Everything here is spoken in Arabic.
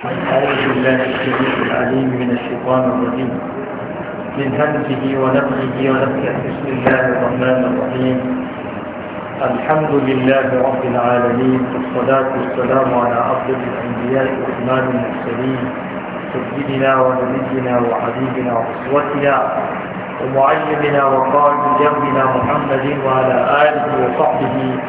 أعوذ بالله السميع العليم من الشيطان الرجيم من همزه ونفخه ونفخه بسم الله الرحمن الرحيم الحمد لله رب العالمين والصلاة والسلام على أفضل الأنبياء وإمام المرسلين سيدنا ونبينا وحبيبنا وأسوتنا ومعلمنا وقائد دربنا محمد وعلى آله وصحبه